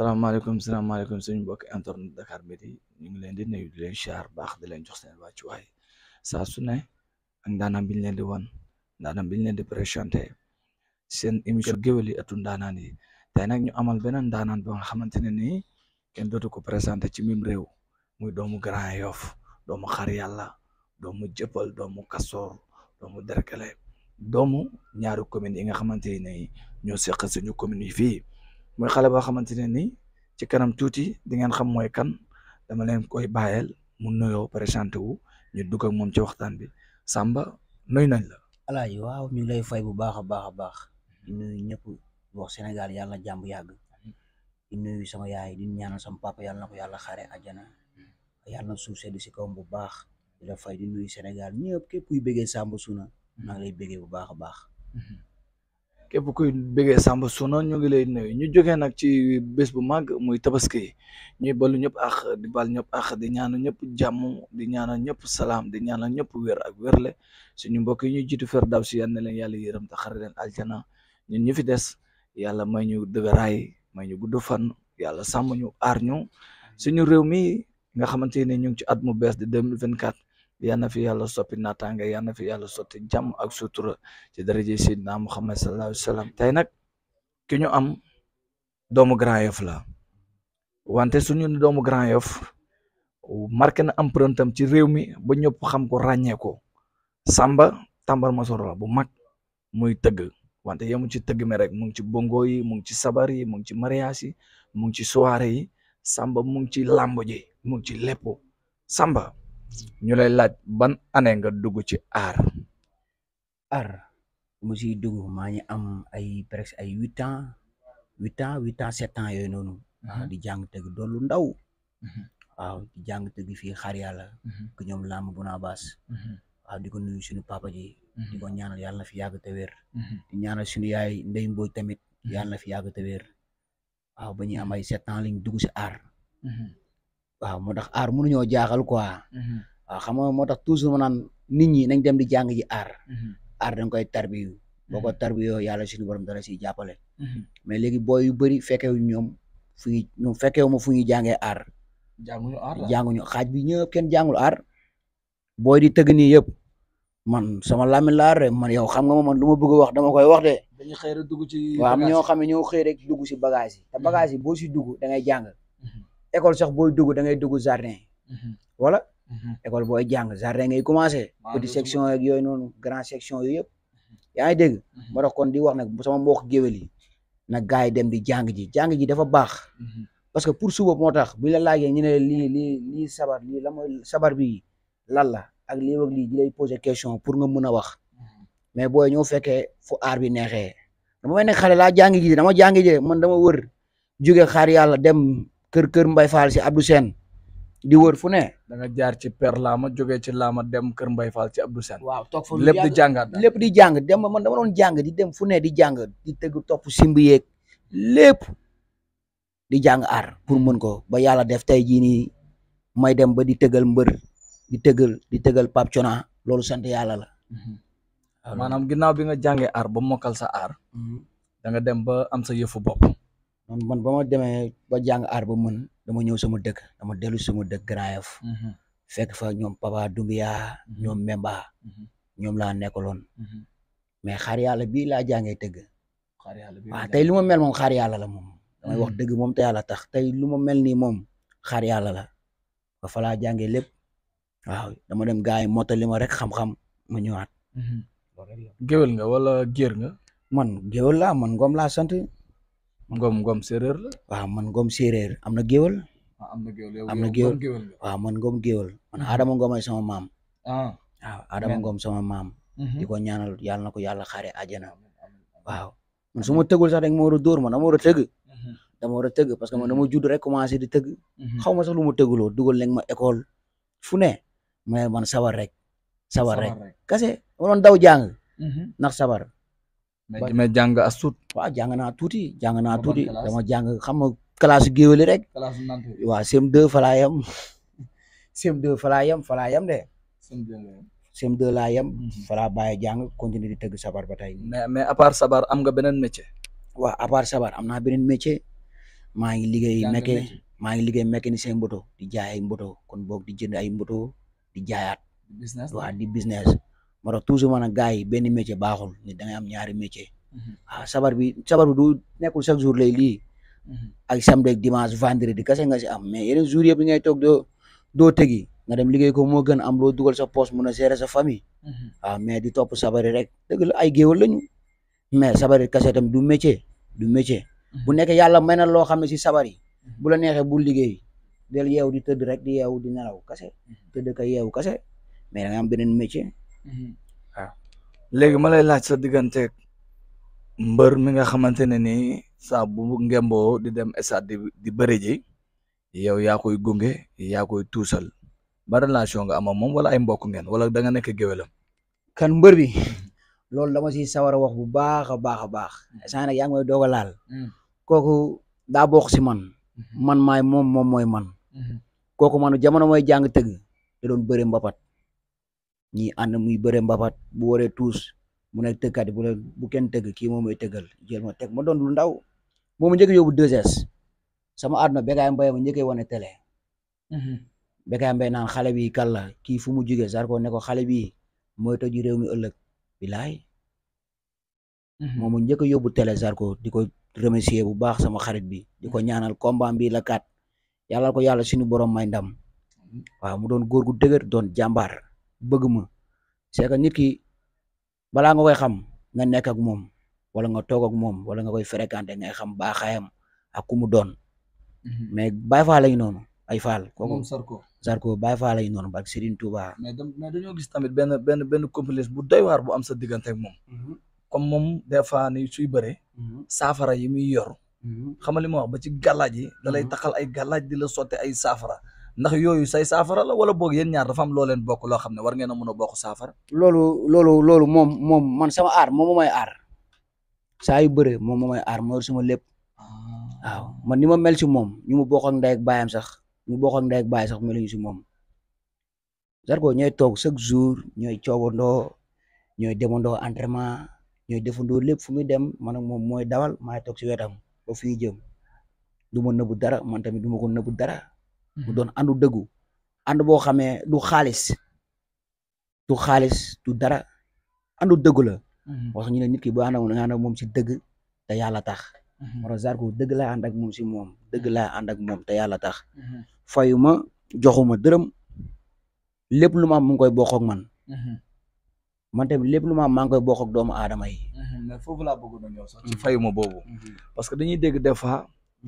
salaamaaleykum salaamaaleykum suñu mbokk internet Dakar Midi ñu ngi leen di nuyu di leen siyaar baax di leen jox seen wàccuwaay saa su ne ak ndaanaan bi ñu leen di wan ndaanaan bi ñu leen di présenté seen émission géwél yi ndaanaan yi tey nag ñu amal beneen ndaanaan ba nga xamante ne nii kenn dootu ko présenté ci mim réew muy doomu Grand Yoff doomu xar yàlla doomu jëppal doomu kasoor doomu derkele doomu ñaari commune yi nga xamante ne ñoo seq suñu commune yi fii mooy xale boo xamante ne nii ci kanam tuuti di ngeen xam mooy kan dama leen koy bàyyeel mu nuyoo présenté wu ñu dugg ak moom ci waxtaan bi Samba nuyu nañ la. alaaji waaw ñu lay fay bu baax a baax a baax di nuyu ñëpp wax Sénégal yàlla na jàmm yàgg di nuyu sama yaay di ñaan sama papa yàlla na ko yàlla xaaree àjjana yàlla na suuf sedd si kawam bu baax di la fay di nuyu Sénégal ñëpp képp kuy bëggee Samba Souna maa ngi lay bëggee bu baax a baax. képp kuy bëggee Samba Soune ñu ngi lay nuyu ñu jógee nag ci bés bu màgg muy tabaski ñuy balu ñëpp ak di bal ñëpp ak di ñaanal ñëpp jàmm di ñaanal ñëpp salaam di ñaanal ñëpp wér ak wérle suñu mbokk yi ñuy jiitu fer daw si yal na leen yàlla yërëm te xare leen aljana ñun ñu fi des yàlla may ñu dëgëraay may ñu gudd fan yàlla sàmm ñu aar ñu suñu réew mi nga xamante ne ñu ngi ci at mu bees di 2024 yal na fi yàlla soppi naataange yal na fi yàlla sotti jàmm ak sutura ci daraje Seydina Muhammad sallallahu alayhi wa sallam tey nag ki ñu am doomu Grand Yoff la wante suñu doomu Grand Yoff marqué na empreinte ci réew mi ba ñëpp xam ko ràññee ko Samba Tambar Masoro la bu mag muy tëgg wante yemu ci tëgg mi rek mu ngi ci bongo yi mu ngi ci sabari yi mu ngi ci mariage yi mu ngi ci soirée yi Samba mu ngi ci làmb ji mu ngi ci lépp Samba. ñu la laaj ban année nga dugg ci aar aar mu siy dugg maa ngi am ay presque ay huit ans huit ans huit ans yooyu noonu mhm. ah, di jàng tëgg doon ndaw mhm. waaw di jàng tëgg fii xaar yàlla mhm. ku ñoom lamb bu naa baas di ko nuyu suñu papa ji di ko ñaanal yàlla na fi yàgg te wér di ñaanal suñu yaay ndey mbooj tamit yàlla na fi yàgg te wér waaw ba ñuy am ay sept ans lañ dugg si aar waaw moo tax aar mënuñoo jaaxal quoi. Mhm. waaw nga moo tax toujours ma naan nit ñi nañ dem di jàng ji aar. Mhm. aar dañ koy tarbiyu. boo ko mhm. tarbiyoo yàlla suñu borom dara siy jàppale. mais léegi booy yu fekke fekkewu ñoom fu ñuy ñoom fekkewu ma fu ñuy jàngee aar. jànguñu aar la jànguñu xaaj bi ñëpp kenn jàngul ar booy di tëgg nii yëpp man sama làmmiñ laa aar man yow xam nga ma man lu ma bëgg wax dama koy wax de. dañuy xëy rek dugg ci. waaw ñoo xam ne ñoo xëy rek si bagage yi. te bagage yi boo si dugg da jàng. école sax booy dugg da ngay dugg jardin. wala mhm. mhm. école booy jàng jardin ngay commencé. petite section ak yooyu noonu grand section yooyu yëpp. Mhm. yaa ngi dégg. moo tax kon di wax nag sama mbokk géwél yi nag gars yi dem di jàng ji jàng ji dafa baax. parce que pour suba moo tax bu la laajee ñu ne lii lii lii sabar lii la mooy sabar bi lan la ak lii ak lii di lay question pour nga mun a wax. mais booy ñoo fekkee fu aar bi neexee. dama may nekk xale laa jàng ji dama jàng ji man dama wër jóge xaar yàlla dem. kër kër Mbay Fall si Abdou Sène di wër fu ne. da nga jaar ci per laama jógee ci laama dem kër Mbay Fall ci Abdou sen waaw toog fa di jàngat lépp di jàng dem man dama doon jàng di dem fu di jàng di tëgg topp simb yeeg lépp di jàng aar pour mën ko ba yàlla def tey jii nii may dem ba di tëggal mbër di tëggal di tëggal pap cona loolu sant yàlla la. Mhm. maanaam ginnaaw bi nga jàngee aar ba mokkal sa aar. Mhm. da dem ba am sa yëfu bopp. man ba ma demee ba jàng aar ba mën dama ñëw sama dëkk dama dellu sama dëkk Graaf. Mm-hmm. fekk fa ñoom Papa Dumbuya mm-hmm. ñoom Memba. Mm-hmm. ñoom laa nekkaloon. mais xaar yàlla bii laa jàngee tëgg. a yàlla bii waaw tey lu ma mel moom xaar yàlla la moom. damay wax dëgg moom te yàlla tax tey lu ma mel nii moom xaar yàlla la ba fa laa jàngee lépp waaw dama dem gars yi mottali ma rek xam-xam ma ñëwaat. géwél nga wala géer nga. man géwél laa man ngoom laa sant. Ngom Ngom séeréer la. waaw man Ngom séeréer am na géwal. Ah, am na géwal am na géwal waaw man Ngom géwal man Adama Ngom ay sama maam. ah waaw Adama Ngom sama maam. Mhm. di ko ñaanal yàlla na ko yàlla xaaree àjjana. waaw man su ma tëggul sax da nga ma war a dóor man dama war a tëgg. Mhm. dama war a tëgg parce que man dama mhm. judd rek di tëgg. xaw ma sax lu ma tëgguloo dugal ma école fu ne mais man sabar rek. sabar rek kase ma doon daw jàng. sabar. mais mais jàng as tuut. waaw jàng naa tuuti jàng naa tuuti dama jàng xam nga classe géwél rek. classe nante waaw fala yam fa laa yem yam 2 fa laa yem de. la yem. CM2 laa yem. Mhm. fa laa di tëgg sabar ba tey. mais mais sabar am nga beneen métier. waaw à sabar am naa beneen métier maa ngi liggéey mekke maa ngi liggéey mécanicien moto di jaay ay moto kon boog di jënd ay moto di jaayaat. business waaw di business. moo tax toujours maanaam gars yi benn métier baaxul ni da ngay am ñaari métier mhm. ah, sabar bi sabar bi du nekkul chaque jour lay lii mhm. ak samedi ak dimanche vendredi kese nga si am mais yeneen jours yëpp yi ngay toog doo doo tegi nga dem liggéey ko moo gën am loo dugal sa poche mun a gérer sa famille waaw mhm. ah, mais di topp sabari rek dëgg la ay la ñu mais sabari kase tam du métier du métier bu nekkee yàlla may na loo xam ne si sabar yi bu la neexee bu liggéey del yeew di tëdd rek di yeew di nelaw kese tëdd ka yeew mais da nga am beneen métier waaw ma lay laaj sa digganteeg mbër mi nga xamante ne nii saa bu ngemboo di dem stade di di bëri ji yow yaa koy gunge yaa koy tuusal ba nga ama moom wala ay mbokk ngeen wala da nga nekk géwélam kan mbër bi loolu dama si sawar a wax bu baax a baax a baax saa yaa ngi may a laal mm. kooku daa bokk si man mm-hmm. man maay moom moom mooy man mm-hmm. kooku man jamono mooy jàng tëgg da doon bëre mbapat ñi ànd muy bëre mbapat bu waree tuus mu nekk tëkkat bu ne bu kenn tëgg kii moom mooy tëggal jël ma teg ma doon lu ndaw moomu njëkk yóbbu 2S sama àdduna Bécaye Mbaye ma njëkkee wane télé. Mhm. Bécaye Mbaye naan xale bi kàlla kii fu mu jugee Zarko ne ko xale bi mooy toji réew mi ëllëg bilaay. Mhm. moomu njëkk yóbbu télé Zarko di ko remercier bu baax sama xarit bi di ko ñaanal combat bi la kat yàlla ko yàlla suñu borom may ndam mhm. waaw mu doon góor gu dëgër doon jàmbaar. bëgg ma c'est que nit ki balaa nga koy xam nga nekk ak moom wala nga toog ak moom wala nga koy fréquenté ngay xam baaxaayam ak ku mu doon. Mhm. mais Baye Fall lañu noonu ay Fall. kooku moom Sarko Sarko Baye Fall ba noonu barke Serigne Touba. benn benn benn complexe bu doy waar bu am sa diggante ak moom. Mhm. comme moom des fois suy bëree. Mhm. saafara yi muy yor. xamal li ma wax ba ci gàllaaj yi. ay gàllaaj di la sotte ay saafara. ndax yooyu say saafara la wala boog yéen ñaar dafa am loo leen bokk loo xam ne war ngeen a mën a loolu loolu loolu moom moom man sama aar moom mooy aar saa yu bëree moom mooy aar mooy sama lépp ah. waaw man ni ma mel si moom ñu mu bokk ak ndey sax ñu bokk ak ndey ak baay sax meluñu si moom. Zarko ñooy toog chaque jour ñooy coobandoo ñooy demandoo entraînement ñooy defandoo lépp fu muy dem man ak moom mooy dawal maay toog si wetam ba fii jëm du ma nëbbu dara man tamit du ma ko nëbbu dara. mu doon àndu dëggu ànd boo xamee du xaalis du xaalis du dara àndu dëggu la wax mhm. ñu ne ki boo ànd nga si dëgg te yàlla tax mhm. moro Zarko dëgg laa ànd ak moom si moom dëgg laa ànd ak moom te yàlla tax mhm. fayuma joxuma dërëm lépp lu ma am mu ngi koy bokk ak man man tamit lépp lu ma am maa ngi aadama yi foofu laa bëgg na ñëw sax ci fayuma boobu parce que dañuy dégg des fois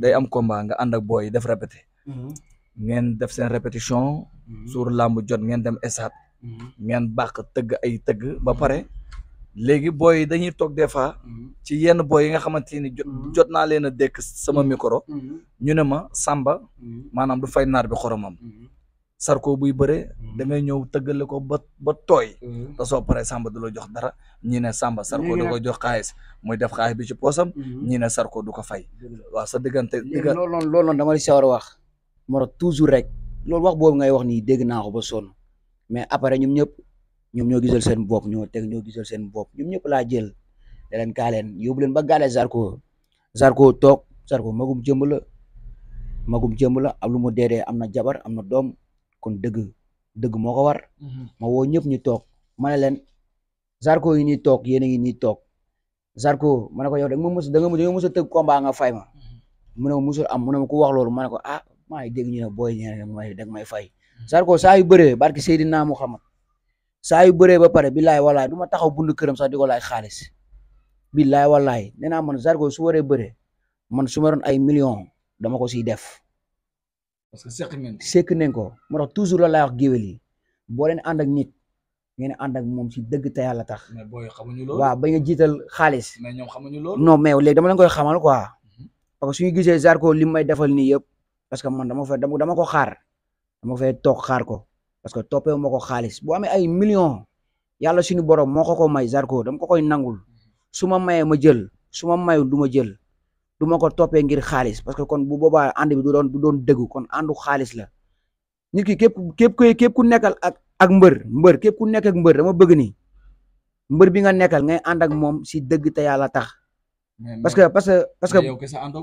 day am combat nga ànd ak booy def ngeen def seen répétition. Mhm. suur làmb jot ngeen dem esaat. Mhm. ngeen bàq tëgg ay tëgg ba pare mhm. léegi booy yi dañuy toog des fois ci yenn booy yi nga xamante ni jot naa leen a dékk sama micro ñu ne ma Samba maanaam du fay naar bi xoromam Zarko buy bëre da ñëw tëggale ko ba ba tooy te soo paree Samba du la jox dara ñi ne Samba Zarko du ko jox xaalis muy def xaalis bi ci poosam ñi ne Zarko du ko fay waa sa diggante digga loolu noonu dama di sawar wax moo tax toujours rek loolu wax boobu ngay wax nii dégg naa ko ba sonn mais après ñoom ñëpp ñoom ñoo gisal seen bopp ñoo teg ñoo gisal seen bop ñoom ñëpp laa jël da leen kaa leen yóbbu leen ba gaale Zarko Zarko toog Zarko magum jëmb la magum jëmb la am lu mu dee am na jabar am na doom kon dëgg dëgg moo ko war. Mhm. ma woo ñëpp ñu toog ma ne Zarko yi nii toog yéen a ngi nii toog Zarko ma ko yow da nga ma mës da nga mës a fay ma mhm. mu ne am mu ne ma ku wax loolu ko ah, maa ngi dégg ñu ne booy ñeene may dag may fay hmm. Zarko saa yu bëree barki Seydina Muhammad saa yu bëree ba pare billaay wallaay du ma taxaw bundu këram sax di ko laaj xaalis billaay wallaay nee naa man Zarko su waree bëree man su ma ay million dama ko siy def parce que sekk ko sekk nañ ko moo tax toujours la laay wax géwél yi boo leen ànd ak nit ngeen ànd ak moom si dëgg te yàlla tax. mais booy xamuñu nga jiital xaalis. mais ñoom xamuñu loolu. non mais léegi dama leen koy xamal quoi. Hmm. parce que suñu defal nii yëpp parce que man dama fay dama ko xaar dama fay toog xaar ko parce que toppee ma ko xaalis bu amee ay millions yàlla suñu borom moo ko ko may Zarko dama ko koy nangul su ma mayee ma jël su ma may du ma jël du ma ko toppee ngir xaalis parce que kon bu boobaa ànd bi du doon du doon dëggu kon àndu xaalis la nit ki képp képp képp ku nekkal ak ak mbër mbër képp ku nekk ak mbër dama bëgg ni mbër bi nga nekkal ngay ànd ak moom si dëgg te yàlla tax. parce que que parce que yow kese ànd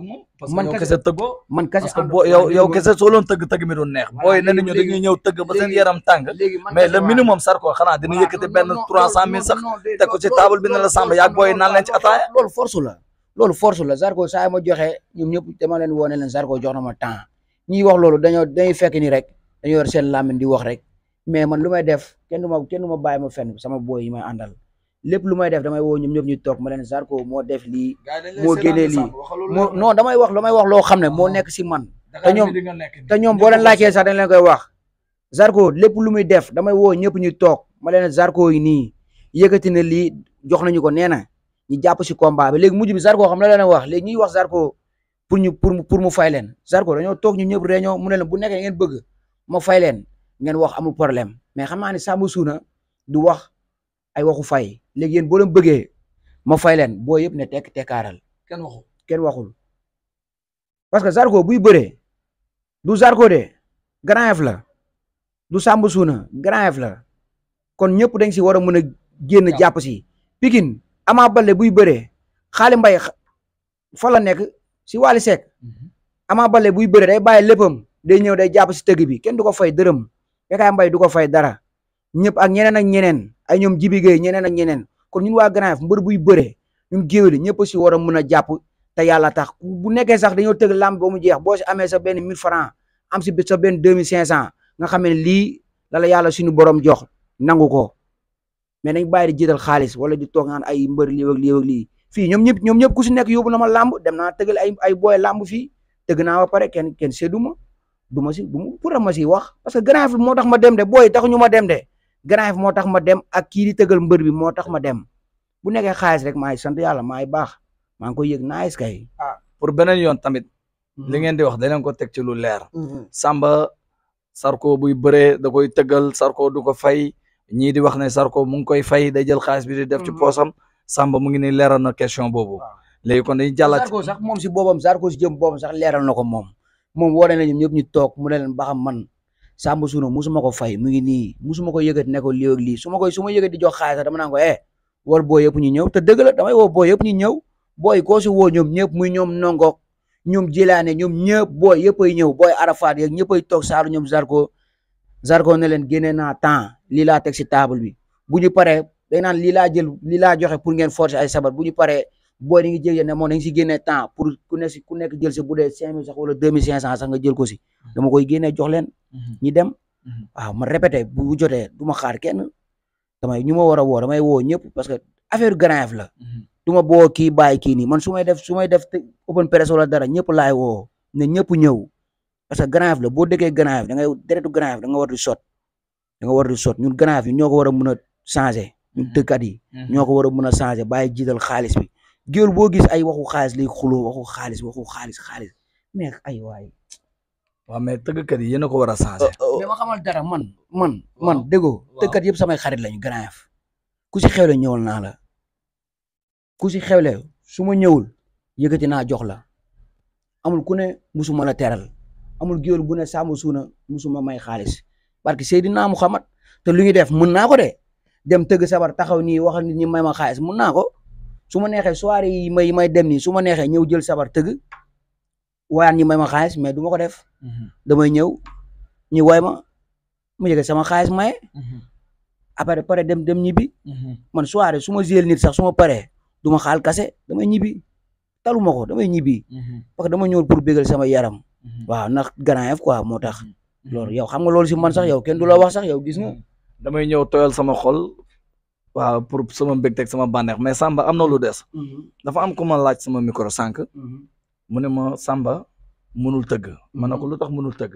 man kese tëggoo man kese boo yow yow kese loon tëgg tëgg mi doon neex booy ne nañu dañuy ñëw tëgg ba seen yaram tàng mais le minimum sarko xanaa dina yëkkati benn trois cent mille sax teg ko ci table bi ne la sàmb yaag booy naan leen ci ataaya la loolu force la sarko saa ma joxee ñoom ñëpp dama leen woone leen wax loolu dañoo dañuy fekk ni rek dañoo yor seen làmmiñ di wax rek mais man lu may def kenn du ma kenn du ma bàyyi ma sama booy yi may àndal lépp lu may def damay woo ñoom ñëpp ñu toog ma leen Zarko moo def lii moo génnee lii moo non damay wax damay wax loo xam ne moo nekk si man te ñoom te ñoom boo leen laajtee sax dañ leen koy wax Zarko lépp lu muy def damay woo ñëpp ñu toog ma leen Zarko yi nii yëkkati na lii jox nañu ko nee na ñu jàpp si combat bi léegi mujj bi Zarko xam la leen wax léegi ñuy wax Zarko pour ñu pour pour mu fay leen Zarko dañoo toog ñu ñëpp réunion mu ne leen bu nekke ngeen bëgg ma fay leen ngeen wax amul problème mais xam naa ne Samba Suuna du wax ay waxu fay léegi yéen boo leen bëggee ma fay leen boo yëpp ne tekk tekkaaral. kenn waxul kenn waxul parce que Zarko buy bëree du Zarko de Grand la du Samb Suuna Grand Yoff la kon ñëpp dañ si war a mën a génn jàpp si. Pikine Ama Baldé buy bëree Xaali Mbay fa la nekk si Wally sek mhm. Ama Baldé buy bëree day bàyyi léppam day ñëw day jàpp si tëgg bi kenn du ko fay dërëm Bécaye Mbaye du ko fay dara. ñëpp ak ñeneen ak ñeneen ay ñoom Jibi Gueye ñeneen a ñeneen kon ñun waa Grand Yoff mbër buy bëree ñun géwéli ñëpp si war a mën a jàpp te yàlla tax bu nekkee sax dañoo tëgg làmb ba mu jeex boo si amee sa benn 1000 francs am si sa benn 2500 nga xam ne lii la la yàlla borom jox nangu ko mais nañ bàyyi di jiital xaalis wala di toog naan ay mbër lii ak lii ak lii fii ñoom ñëpp ñoom ñëpp ku si nekk yóbbu na ma làmb dem naa tëggal ay booy làmb fii tëgg naa ba pare kenn kenn séddu ma du ma si du ma ma si wax parce que Grand moo tax ma dem de booy taxu ñu ma dem de Grand Yoff moo tax ma dem ak kii di tëgal mbër bi moo tax ma dem bu nekkee xaalis rek maa ngi sant yàlla maa ngi baax maa ngi koy yëg nice kay. ah pour beneen yoon tamit. li hmm. ngeen di wax danañ ko teg ci lu leer. Hmm. Samba Sarko buy bëree da koy tëggal Sarko du ko fay ñii di wax ne Sarko mu ngi koy fay day jël xaalis bi di def ci hmm. posam Samba mu ngi ni leeral na question boobu. Ah. léegi kon dañuy jàllale Sarko sax moom si boobam Sarko si jëm boobam sax leeral na ko moom moom woo nañ la ñoom ñu toog mu ne leen ba xam Samba Suuna musuma ko fay mu ngi nii musuma ko yëkkati ne ko lii ak lii su ma koy su ma yëkkati jox xaalis sax dama naan ko eh war booy yëpp ñu ñëw te dëgg la damay woo booy yëpp ñu ñëw booy koo si woo ñoom ñëpp muy ñoom nongook ñoom jilaane ñoom ñëpp booy yëpp ay ñëw booy Arafat yeeg ñëpp ay toog saaru ñoom Zarko Zarko ne leen génne naa temps lii laa teg si table bi bu ñu paree day naan lii laa jël lii laa joxe pour ngeen forcer a sabar bu ñu paree booy di ngi ne moom dañ si génne temps pour ku nekk ku nekk jël si bu dee cinq mille sax wala deux mille cinq cent sax nga jël ko si hmm. Mhm. ñi dem mhm. a ma répété bu jotee du ma xaar kenn damay ñu ma war a woo damay woo ñëpp parce que affaire grave la mhm. du ma boo kii bàyyi kii nii man su may def su may def open press wala dara ñëpp laay woo ne ñëpp ñëw parce que grave la boo dëkkee grave da ngay deretu grave da nga war di sot da nga war sot ñun grave yi ñoo ko war a mën a changer ñun dëkkat yi ñoo ko war a mën a changer bàyyi jiital xaalis bi géwél boo gis ay waxu xaalis lay xuloo waxu xaalis waxu xaalis xaalis mais waaw mais tëggkat yi yéen a ko war a changé. dama euh, euh, xamal dara man man man déggoo. waaw tëggkat yëpp samay xarit lañu Grand Yoff ku si xewle ñëwal naa la ku si xewle su ma ñëwul yëkkati naa jox la amul ku ne musuma la teral amul géwél bu ne sàmm suuna musuma may xaalis parce que Seydina Muhammad te lu ñu def mën naa ko de dem tëgg sabar taxaw nii waxal ni ñi may ma xaalis mun naa ko suma ma neexee soirée yi may dem nii su ma neexee ñëw jël sabar tëgg. waayaan ñi may ma xaalis mais du ma ko def. Mhm. damay ñëw ñu woy ma mu yëge sama xaalis maye. Mhm. après pare dem dem ñibbi. Mhm. man soirée su ma jël nit sax su ma paree du ma xaal kase damay ñibbi talu ma ko damay ñibbi. parce que dama pour bégal sama yaram. waaw ndax grand quoi moo tax. loolu yow xam nga loolu si man sax yow kenn du la wax sax ya gis nga. damay ñëw tooyal sama xol. wa pour sama mbégteeg sama bànneex mais Samba am na lu des. dafa am ku ma laaj sama micro sànq. mu ne ma Samba mënul tëgg. ma ne ko mhm. lu tax mënul tëgg.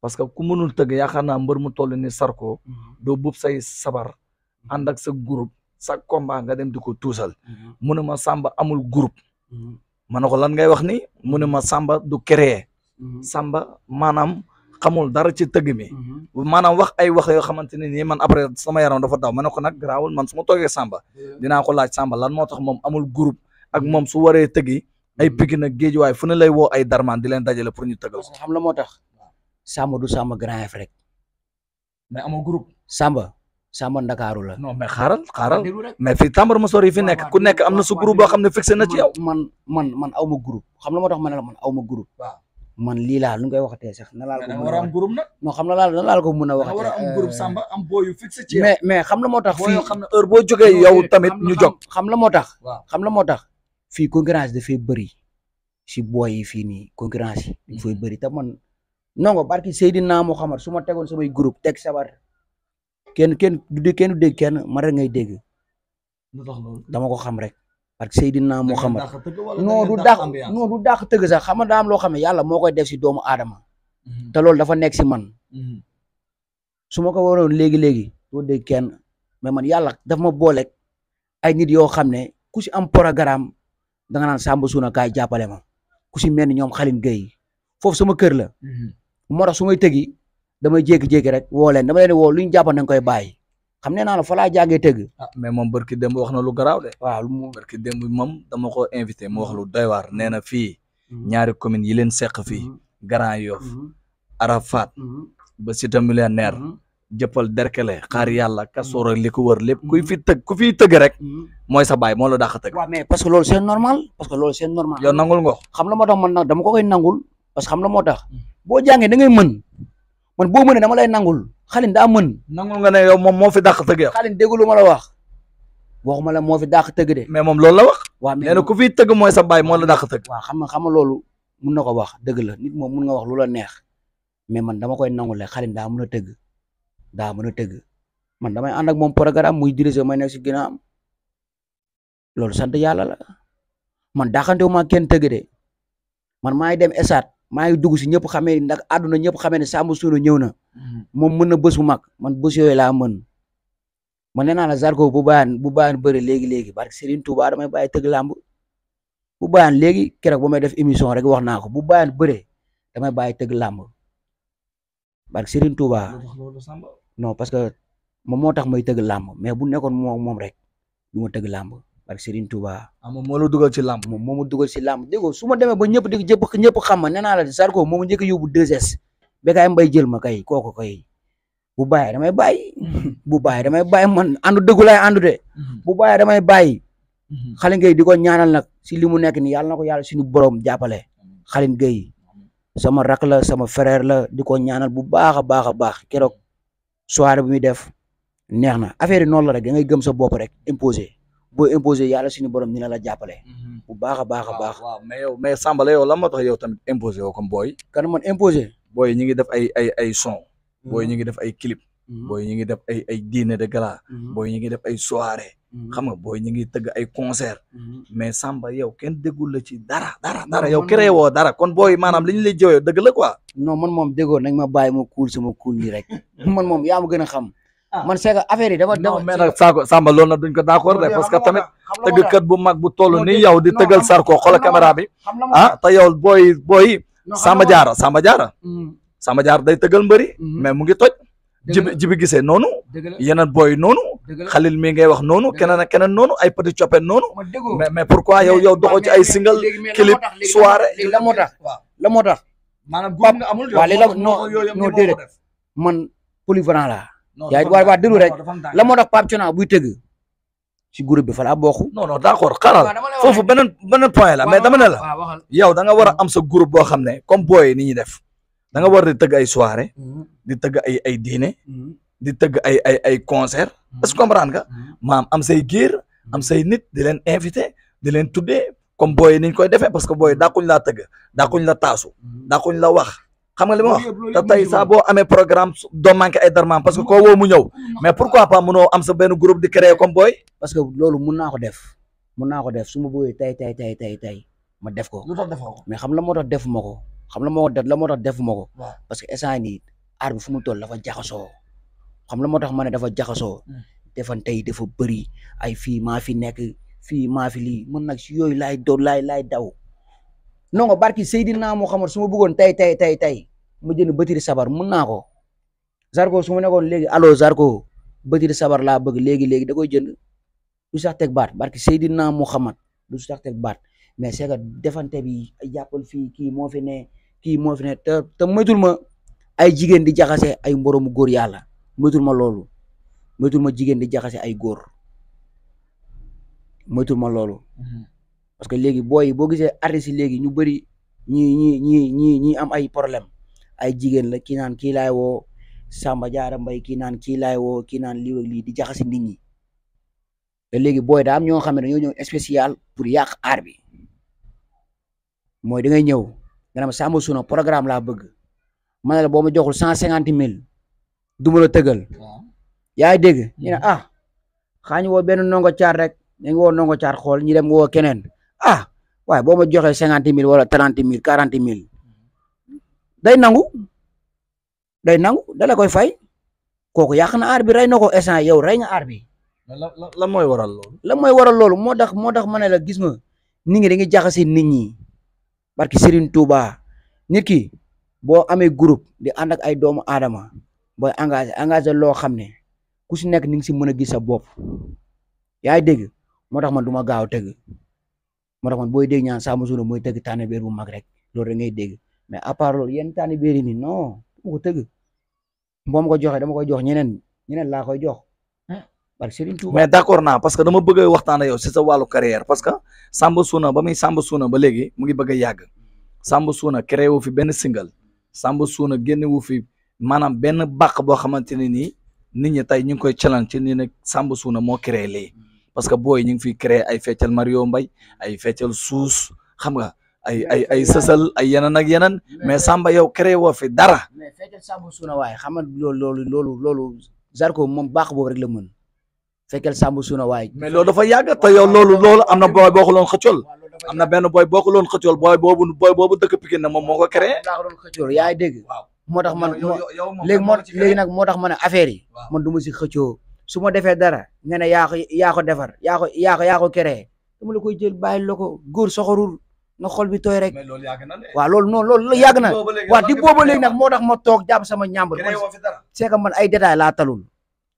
parce que ku mënul tëgg yaakaar naa mbër mu toll ni Zarko. Mhm. doo buub say sabar. Mhm. ànd ak sa groupe sa combat nga dem di ko tuusal. mu ma Samba amul groupe. ma ne ko lan ngay wax ni mu ne ma Samba du créer. Samba maanaam xamul dara ci tëgg mi. maanaam wax ay wax yoo xamante ne nii man après sama yaram dafa daw ma ne ko nag garaawul man su ma toogee Samba. dinaa ko laaj Samba lan moo tax moom amul groupe ak moom su waree tëggi. ay Pikine nag géej waay fu ne lay woo ay darman di leen dajale pour ñu tëgal xam la moo tax Samba du Samba Grand F rek mais amoo groupe Samba Samba Ndakaaru la non mais xaaral xaaral mais fii Tambar Mosor yi fi nekk ku nekk am na su groupe boo xam ne fixé na ci yow man man man aw ma groupe xam la moo tax man la man aw ma groupe man lii laa lu ngay waxatee sax na laal ko mën a am xam na laal na laal mën a waxatee war a am groupe euh, mais mais xam la moo tax fii heure boo jógee yow tamit ñu jóg xam la moo tax xam la moo tax fii concurrence dafay bëri si booy yi fii nii concurrence yi mhm. dafay bëri te man nongo barki Seydina Muhammad su ma tegoon samay groupe teg sabar kenn kenn du dégg kenn du dégg kenn man rek ngay dégg dama ko xam rek parce que Seydina Muhammad non du dàq non du dàq tëgg sax xam loo xam ne yàlla moo koy def si doomu aadama mhm. te loolu dafa nekk si man mhm. su ma ko waroon léegi-léegi doo kenn man yàlla daf ma boole ay nit yoo xam ne ku am programme danga naan Samba Suuna kaay jàppale ma ku si mel ñoom Xalim Gueye foofu sama kër la. Mhm. moo tax su may tëggi damay jékki-jékki rek woo leen dama leen woo lu ñu jàpp nañ koy bàyyi xam ne naa la fa laa jàngee tëgg. ah mais moom barki démb wax na lu garaaw de. waaw lu mu barki moom dama ko invité mo wax lu doy waar nee na fii. Mhm. ñaari communes yi leen seq fii. Mhm. Grand Yoff. Arafat. ba Cité Millionnaire. jëppal derkele xaar mm-hmm. yàlla kasoor ak mm-hmm. li ko wër lépp kuy fi mm-hmm. tëgg ku fiy tëgg rek mooy sa baay moo la dàq tëgg waaw mais parce que loolu c'est normal parce que loolu c'est normal yow nangul nga xam la moo tax man nag dama ko koy nangul parce que la moo tax boo jàngee da ngay mën man boo mënee dama lay nangul xalin daa mën nangul nga ne yow moom moo fi dàq tëgg yow xalin déggulu ma la wax waxuma la moo fi dàq tëgg de mais moom loolu la wax waaw nee na ku fiy tëgg mooy sa baay moo la dàq tëgg waaw xam nga xam nga loolu mun na ko wax dëgg la nit moom mun nga wax lu la neex mais man dama koy nangul le xalin daa a tëgg daa mën a tëgg man dama ànd ak moom programme muy diriger may nekk si ginnaaw am loolu sant yàlla la man daaxantewu ma kenn tëgg de man maay dem esaat maa ngi dugg si ñëpp xamee ndax àdduna ñëpp xamee ne Samba Soune ñëw na mhm. moom mën na bés bu mag man bés yooyu laa mën man nee naa la Zarko bu baax bu baax bëri léegi léegi parce que Serigne Touba damay bàyyi tëgg bu baax léegi keroog ba may def émission rek wax naa ko bu baax bëri damay bàyyi tëgg làmb barke Serigne Touba non parce que moom moo tax may tëgg làmb mais bu nekkoon moom moom rek du ma tëgg làmb barke Serigne Touba. ah moom moo la dugal ci làmb. moom moo ma dugal ci làmb su ma demee ba ñëpp di jëpp ñëpp xam ma nee naa la moom njëkk a yóbbu 2S ba kaay jël ma kay kooku kay bu bàyyi damay bàyyi damay bàyyi man àndu dëggu laay àndu mhm. bu bàyyi damay bàyyi mhm. xale ngay di ko ñaanal nag si li mu nekk nii yàlla na ko yàlla suñu borom jàppale xale ngay sama rak la sama frère la di ko ñaanal bu baax a baax a baax keroog soirée bu def neex na affaire yi noonu la rek da ngay gëm sa bopp rek imposé boo imposer yàlla suñu borom dina la jàppale. Mhm. bu baax a baax a baax. mais mais Sambala yow lan moo tax yow tamit imposé woo comme booy. kan man imposer. booy ñu ngi def ay ay ay son. Mhm. booy ñu ngi def ay clip. Mm-hmm. booy ñu ngi def ay ay dîner de gala. Mm-hmm. booy ñu ngi def ay soirée. Mm-hmm. xam nga booy ñu ngi tëgg ay concert. mais Samba yow kenn déggul la ci dara dara dara yow kere woo dara kon booy maanaam li ñu lay jooyoo dëgg la quoi. non man moom déggoo nañ ma bàyyi ma kuul ma kuul nii rek man moom yaa ma gën a xam. Ah. man c'est que affaire yi dafa dafa. non mais nag Samba loolu nag duñ ko d'accord de parce que tamit tëggkat bu mag bu toll nii yow di tëggal Sarko xoolal caméra bi ah te yow booy booy Samba Diarra Samba Diarra. Samba Diarra day tëggal mbëri mais mu ngi toj. jibi jibi gisee noonu yeneen booy noonu xalil mii ngay wax noonu keneen ak keneen noonu ay petit coppet noonu mais mais pourquoi yow yow doxoo ci ay single clip soirée la moo tax la moo tax maanaam góor nga amul waaw léegi la non non déedéet man polyvalent laa yaa ngi waaw waaw la moo tax Pape buy tëgg ci groupe bi fa laa bokk non non d'accord xaaral foofu point la mais dama ne la yow da nga war a am sa groupe boo xam ne comme booy ni ñuy def da nga war di tëgg ay soirée mm-hmm. di tëgg ay ay dîner mm-hmm. di tëgg ay ay ay concert mm-hmm. est-ce que comprendre maam am say giir am say nit di leen invité di leen tuddee comme booy niñ koy defee parce que booy daakuñ laa tëgg daakuñ la taasu daakuñ la wax xam nga li ma wax te tey saa boo amee programme doo manqué ay darmaam parce que ko woo mu ñëw mais pourquoi pas mënoo am sa benn groupe di créer comme booy parce que loolu mun naa ko def mun naa ko def su ma bëggee tey tey tey tey tey ma def ko mais xam la moo tax defuma ko xam la moo def la moo tax defuma ko. parce que instant nii aar bi fu mu toll dafa jaxasoo xam la moo tax ma ne dafa jaxasoo. Hmm. defan tey dafa bëri ay fi maa fi nekk fii maa fi lii man nag si yooyu laay do laay laay daw. non nga barki Seydina Muhammad su ma bëggoon tey tey tey tey mu jënd bëtiri sabar mun naa ko Zarko suma ma nekkoon léegi allo Zarko bëtiri sabar laa bëgg léegi léegi da koy jënd du sax teg baat barki Seydina Muhammad du sax teg baat. mais c'est que defante bi jàppal fii kii moo fi ne kii moo fi ne te te ma ay jigéen di jaxase ay mboroomu góor yàlla moytul ma loolu moytul ma jigéen di jaxase ay góor moytul ma loolu. Mhm. parce que léegi booy boo gisee artistes yi léegi ñu bëri ñi ñi ñi ñi am ay problème ay jigéen la kii naan kii laay woo Samba Diarra Mbaye kii naan kii laay woo kii naan lii lii di jaxase nit ñi te léegi booy daa am ñoo xam ne dañoo ñëw spécial pour yàq aar bi. mooy da ngay ñëw nga ne ma Samba Souna programme laa bëgg ma la boo ma joxul cent cinquante mille du ma la tëgal. yaa ngi dégg mm-hmm. ñu ne ah xaa ñu woo benn nongo caar rek ñu ngi woo ndongo caar xool ñu dem woo keneen ah waaye boo ma joxee cinquante mille wala trente mille quarante mille day nangu day nangu da la koy fay kooku yàq na aar bi rey na ko instant yow rey nga aar bi. la la mooy waral loolu. la mooy waral loolu moo tax moo tax ma ne la gis nga nit ñi dañuy jaxase nit ñi. barki Serigne Touba nit ki boo amee groupe di ànd ak ay doomu aadama booy engagé engagé loo xam ne ku si nekk ni nga si mën a gis sa bopp yaa ngi dégg moo tax man du ma gaaw a tëgg moo tax man booy dégg ñaan Samba Soune mooy tëgg tànnibéer bu mag rek loolu rek ngay dégg mais à part loolu yenn tànnibéer yi nii non du ma ko ko joxee dama koy jox ñeneen ñeneen laa koy jox. barke Serigne Touba mais d' accord naa parce que dama bëgg a waxtaan ak yow si sa wàllu carrière parce Samba Suuna ba muy Samba Suuna ba léegi mu ngi bëgg a yàgg Samba Suuna créé wu fi benn single Samba Suuna génne wu fi maanaam benn bàq boo xamante ne nii nit ñi tey ñu ngi koy challenge ci ni nag Samba Suuna moo créé lii parce que booy ñu ngi fiy créé ay feccal Mario Mbaye ay feccal sous xam nga ay ay ay sësal ay yeneen ak yeneen mais Samba yow créé woo fi dara. mais feccal Samba Suuna waaye xam nga loolu loolu loolu loolu moom bàq boobu rek la mën. fekkel sàmb suuna waaye. mais loolu dafa yàgg te yow loolu loolu am na booy boo ko doon xëccool am na benn booy boo ko doon xëccool booy boobu booy boobu dëkk Pikine na moom moo ko créé. daa ko doon xëccool yaa ngi moo tax man léegi moo léegi nag moo tax ma ne affaire man du ma si xëccoo su ma defee dara nga ne yaa yaa defar yaa ko yaa ko yaa ko créé dama la koy jël bàyyi la ko góor soxorul na xol bi tooy rek. waaw lool noonu loolu yàgg na waaw di booba léegi nag moo tax ma toog jàpp sama ñàmbur c'est que man ay détails laa talul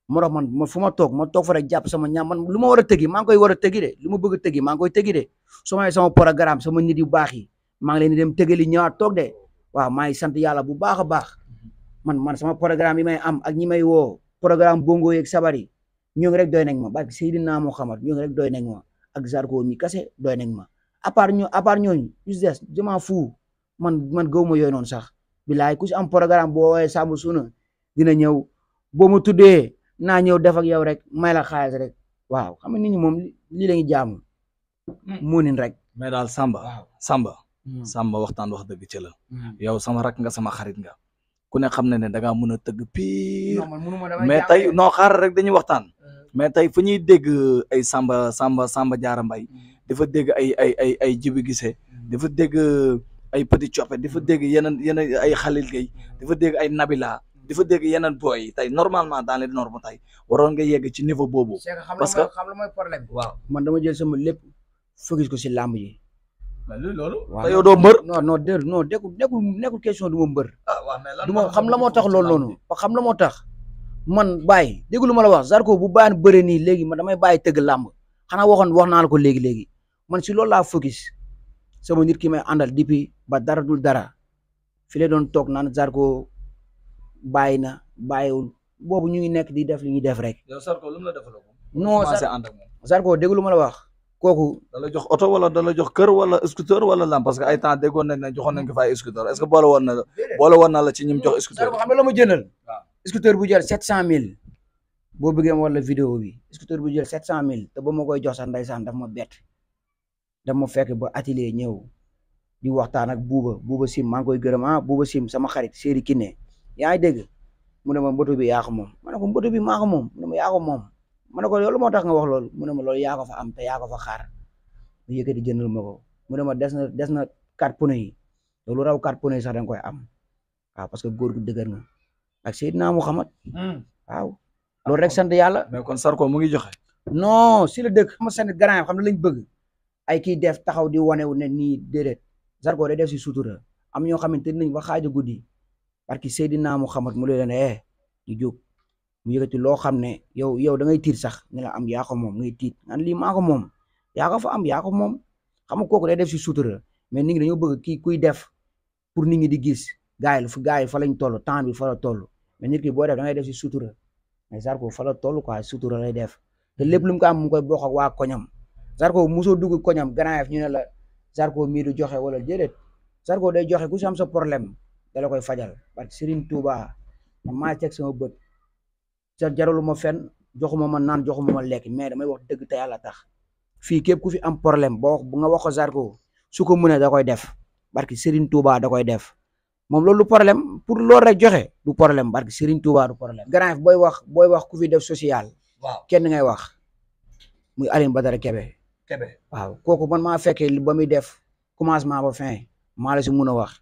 moo tax man ma fu ma toog ma toog fa rek jàpp sama ñaam man lu ma war a tëggi maa ngi koy war a tëggi de lu ma bëgg a tëggi maa ngi koy tëggi de su ma sama programme sama nit yu baax yi maa ngi leen di dem tëggali ñëwaat de waaw maa ngi sant yàlla bu baax a baax man man sama programme yi may am ak ñi may woo programme bongo yeeg sabar yi ñoo ngi rek doy nañ ma barke Seydina Muhammad ñoo ngi rek doy nañ ma ak Zarko mi kase doy nañ ma à part ñoo à part jamaa fuu man man ma yooyu noonu sax bilaay ku am programme boo woowee Samba Suuna dina ñëw boo ma tuddee naa ñëw def ak yow rek may la xaalis rek waaw xam nga nit ñi moom lii la ñu jaamu. Mm. rek. mais daal Samba. Samba. Mm. Samba waxtaan wax dëgg ci la. Mm. yow sama rak nga sama xarit nga. ku ne xam na ne da ngaa mën a tëgg pire. mais tey noo xaar rek dañuy waxtaan. Euh. mais tey fu ñuy dégg ay Samba Samba Samba Diarra Mbaye dafa dégg ay ay ay ay jibi gisee. dafa dégg ay petit coppe dafa dégg yeneen yeneen ay xalil gay dafa dégg ay nabila di fa dégg yeneen booy yi a normalement dans les normes tey waroon nga yegg ci niveau boobu. parce que xam la mooy problème waaw man dama jël sama lépp focus ko si làmb yi. loolu. waaw te yow doo mbër. non non dé non nekkul nekkul nekkul question du ma mbër. ah waaw mais lan xam la moo tax loolu noonu. xam la moo tax man bàyyi dégg lu ma la wax Zarko bu bàyyi bëre nii léegi man damay bàyyi tëgg làmb xanaa waxoon wax naa la ko léegi léegi man si loolu laa focus sama nit ki may àndal depuis ba dara dul dara fi lay doon toog naan Zarko bàyyi na wul boobu ñu ngi nekk di def li ñuy def rek. yow Sarko lu mu la defaloo ko. non lu ma la wax. kooku la jox oto wala da la jox kër wala scooter wala lan parce que ay temps déggoon nañ ne joxoon nañ ko fa ay scooter est-ce que boole woon na la ci ñim jox scooter. ma jëndal. waaw scooter bu jar sept cent mille. boo bëggee ma wala vidéo bi scooter bu jar sept cent mille te ba ma koy jox sax ndeysaan daf ma bett daf ma fekk ba atelier ñëw di waxtaan ak buuba buuba sim maa ngi koy gërëm ah buuba sim sama xarit Séri Kiné yaa ngi dégg mu ne ma mbotu bi yaa ko moom ma ne ko bi maa ko moom mu moom ma ne moo tax nga wax loolu mu ne ma loolu yaa ko fa am te yaa fa xaar mu yëkkati jëndal ma ko mu ne ma des na des na quatre pneus yi loolu raw quatre pneus yi sax da nga koy am waaw parce que góor gu dëgër nga ak Seydina Muhammad hmm. waaw loolu rek sant yàlla. mais kon Sarko mu ngi joxe. non si la dëkk ma sant grand xam ne lañ bëgg ay kii def taxaw di wane wu ne nii déedéet Sarko day def si sutura am ñoo xamante ne ba xaaju guddi barki Seydina naa mu leen eh ñu jóg mu yëkkati loo xam ne yow yow da tiit sax ne la am yaa ko moom ngay tiit naan lii maa ko moom yaa ko fa am yaa ko moom xam nga kooku day def si sutur mais nit ñi dañoo bëgg kii kuy def pour nit ñi di gis gaay yi gaay yi fa lañ toll temps bi fa la toll mais nit ki boo def da ngay def si sutura mais Zarko fa la toll quoi sutura lay def te lépp lu mu ko am mu ngi koy bokk ak waa koñam Zarko mosoo dugg koñam gànnaayaf ñu ne la Zarko mii du joxe wala déedéet Zarko day joxe ku si am sa problème. dala koy fajal parce que Serigne Touba maa teg sama bët sa jaraluma fen joxuma ma naan joxuma ma lekk mais damay wax dëgg te yàlla tax fii képp ku fi am problème boo wax bu nga wax ko Zarko su ko mënee da koy def barki Serigne Touba da koy def moom loolu problème pour loolu rek joxe du problème barki Serigne Touba du problème. Grand booy wax booy wax ku fi def social. waaw kenn ngay wax muy Alioune Badara Kebe. Kebe waaw kooku man ma fekkee li ba muy def commencement ba fin maa la si mun a wax.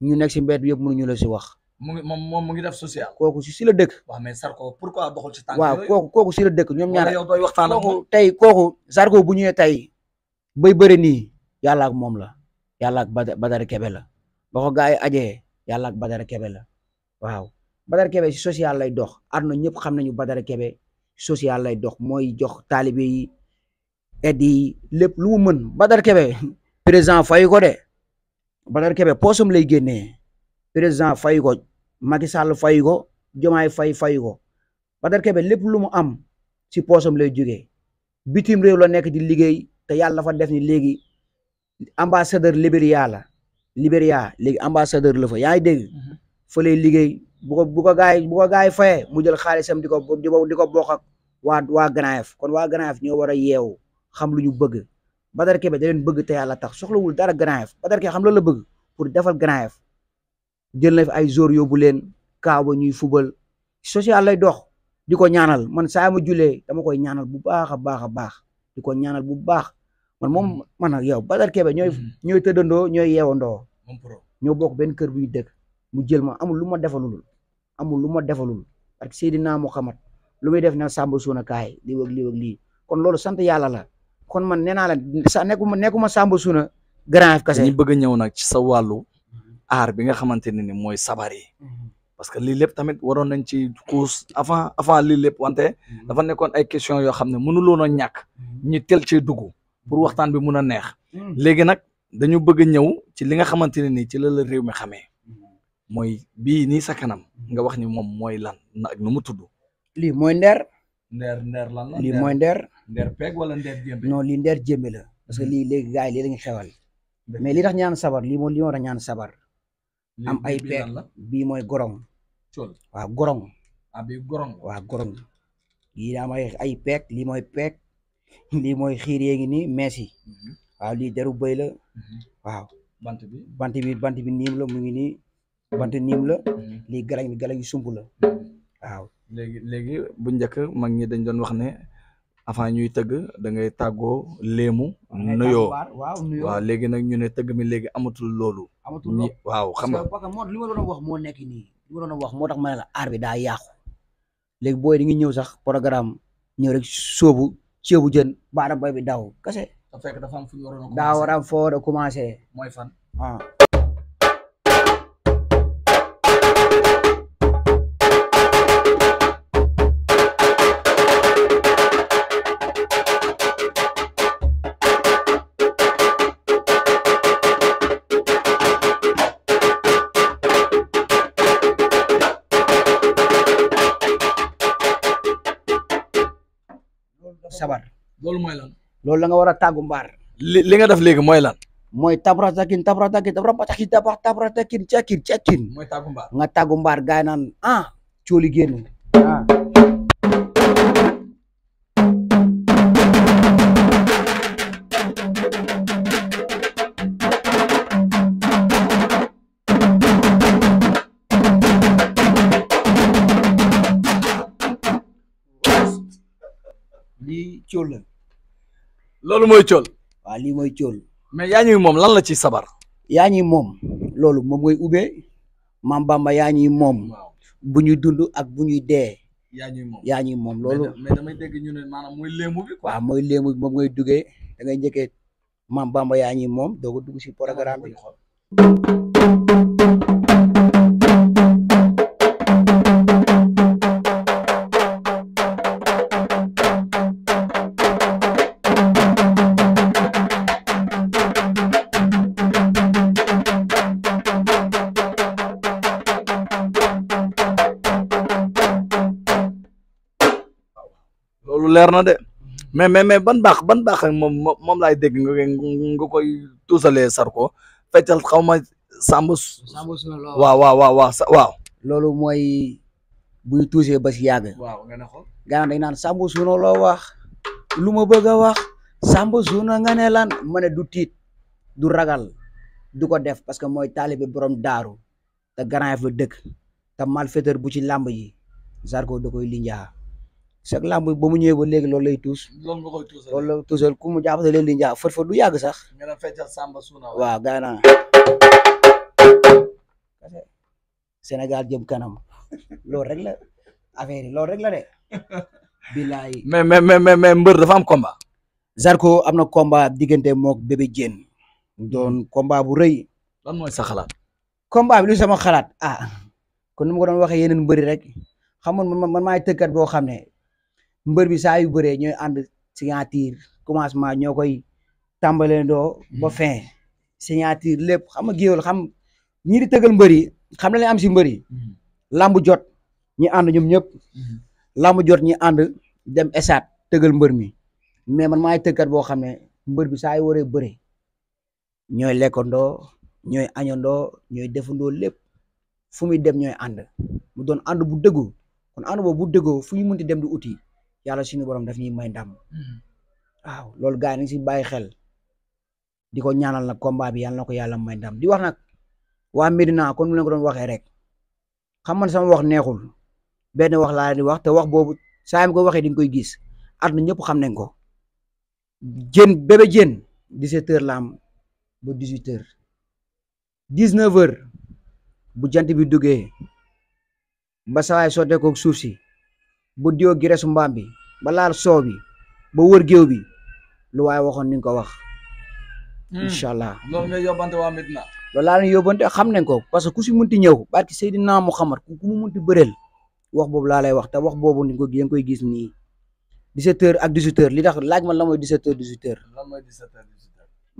ñu nekk si mbedd yëpp mënuñu la si wax. mu moom moom mu ngi def social. kooku si si la dëkk. waaw mais Sarko pourquoi doxul si tànk. waaw kooku kooku si la dëkk ñoom ñaar yow doy waxtaan ak tey kooku Sarko bu ñëwee tey bay bëri nii yàlla ak moom la yàlla ak Badara Kebe la ba ko gaa yi ajee yàlla ak Badara Kebe la waaw Badara Kebe si social lay dox àdduna ñëpp xam nañu Badara Kebe social lay dox mooy jox taalibe yi aide yi lépp lu mu mën Badara Kebe président fay ko de. Badara Kebe poosam lay génnee président fay ko Macky Sall fay ko Jomaay fay fay ko Badara Kebe lépp lu mu am si poosam lay jógee bitim réew la nekk di liggéey te yàlla fa def ni léegi ambassadeur Libéria la Libéria léegi ambassadeur la fa yaa ngi dégg mhm. fa lay liggéey bu ko bu ko gaay bu ko gaay mu jël xaalisam di ko di ko di waa waa Grand kon waa Grand Yoff ñoo war a yeewu xam lu ñu bëgg Badara Kebe da leen bëgg te yàlla tax soxlawul dara Grand Yoff Kebe xam loolu la bëgg pour defal Grand Yoff na ay jour yóbbu leen kaaba ñuy fubal social lay dox di ko ñaanal man saa ma julee dama koy ñaanal bu baax a baax a baax di ko ñaanal bu baax man moom hmm. man ak yow Badara Kebe ñooy hmm. ñooy tëddandoo ñooy yeewandoo ñoo bokk benn kër bu ñu dëkk mu jël ma amul lu ma defalul amul lu ma defalul parce que Seydina Muhammad lu muy def na sàmba suuna kaay lii wëg lii wëg lii kon loolu sant yàlla la kon man nee naa la nekku ma nekkuma Samba Suuna grand kase ñu bëgg a ñëw nag ci sa wàllu aar bi nga xamante ne ni mooy sabar yi parce que lii lépp tamit waroon nañ ci xuus avant avant lii lépp wante dafa nekkoon ay question yoo xam ne mënuloon a ñàkk ñi tel ci dugg pour waxtaan bi mun a neex léegi nag dañu bëgg a ñëw ci li nga xamante ne nii ci la la réew mi xamee mooy bii nii sa kanam nga wax ni moom mooy lan na ak nu mu tudd ndeer ndeer lan lii mooy ndeer non lii ndeer jéembe la parce que hmm. lii léegi gars yi lii la ñu xewal mais li tax ñaan sabar li moom li moo tax ñaan sabar am ay peeg bii mooy gorong col waaw gorong ah bii gorong lii daa am ay peeg lii mooy peeg lii mooy xiir yee ngi nii mees yi hmm. waaw lii deru bëy la hmm. waaw bant bi bant bi bant bi niim la mu ngi nii bant niim la lii galañ bi galañ yu la léegi léegi bu njëkk mag ñi dañ doon wax ne avant ñuy tëgg da ngay tàggoo léemu nuyoo waaw léegi nag ñu ne tëgg mi léegi amatul loolu waaw xam nga parce que moo li ma wax moo nekk nii li ma wax moo tax ma ne la aar bi daa yàqu léegi booy di ngi ñëw sax programme ñëw rek sóobu ceebu jën baara bay bi daw kase daa war a foo da commencé mooy fan ah. loolu la nga war a tàggu mbaar. li li nga def léegi mooy lan. mooy tabra takin tabra takin tabra takin tabra takin mooy tàggu mbaar nga tàggu mbaar gaay naan ah, cooli génn ah. cool la loolu mooy cool. waa lii mooy cool. mais yaa ñuy moom lan la ci sabar. yaa ñuy moom loolu moom mooy ubbee maam Bamba yaa ñuy moom bu ñuy dund ak bu ñuy dee. yaa ñuy moom yaa ñuy moom loolu. mais damay dégg ñu ne maanaam mooy léemu bi quoi. waaw mooy léemu bi moom ngay duggee da ngay njëkkee maam Bamba yaa ñuy moom doo ko dugg si programme bi. leer na de mais mais mais ban baax ban baax moom moom laay dégg nga koy tuusalee sarko feccal xaw ma Samba. Samba su waaw waaw waaw waaw waaw. mooy buy tuusee ba si yàgg. waaw nga ne ko. gannaaw dañu naan Samba su loo wax ma bëgg a wax Samba su nga ne lan ma du tiit du ragal du ko def parce que mooy taalibe borom daaru te Grand Yoff la dëkk te malfaiteur bu ci làmb yi koy linjaa chaque lamb ba mu ñëwee ba léegi loolu lay tuus. loolu nga koy tuusal loolu la tuusal ku mu jàpp leen di njaa fët fët du yàgg sax. nga ne feccal Samba Suuna waaw gaana Sénégal jëm kanam loolu rek la affaire yi loolu rek la de. bilaay mais mais mais mais mbër dafa am combat. Zarko am na combat diggante mook bébé Diène doon combat bu rëy. lan mooy sa xalaat. combat sama xalaat ah kon nu ma ko doon waxee yeneen mbëri rek xam man man maay tëkkat boo xam ne. mbër bi saa yu bëree ñooy ànd signature commencement ñoo koy tàmbaleendoo ba hmm. fin signature lépp xam ma géwél xam ñi di tëgal mbër yi xam la am si mbër yi hmm. lamb jot ñi ànd ñoom ñëpp hmm. lamb jot ñi ànd dem esaat tëgal mbër mi mais man maay tëgkat boo xam ne mbër bi saa yu waree bëree ñooy lekkandoo ñooy añandoo ñooy defandoo lépp fu muy dem ñooy ànd mu doon ànd bu dëggu kon ànd boobu bu dëggoo fu ñu mënti dem di uti yàlla suñu borom daf ñuy may ndam. Hmm. waaw loolu gars si bàyyi xel di ko ñaanal nag combat bi yàlla na ko yàlla may ndam di wax nag waa Medina kon mu leen ko doon waxee rek xam man sama wax neexul benn wax laa di wax te wax boobu saa ko waxee di nga koy gis at na ñëpp xam nañ ko jën bébé jën 17 la am ba 18h bu jant bi duggee ba saa waay sotteekoo suuf si. ba diw giresu mbaam bi ba laal soow bi ba wër géew bi lu waaye waxoon ni nga ko wax. Hmm. incha allah loolu ngay yóbbante waa Medina. loolu laa leen yóbbante xam nañ ko parce que ku si munti ñëw barki Seydina Muhammad ku mu munti bëreel wax boobu laa lay wax te wax boobu ni ko yéen koy gis nii 17h ak 18h li tax laaj ma la mooy 17h 18h.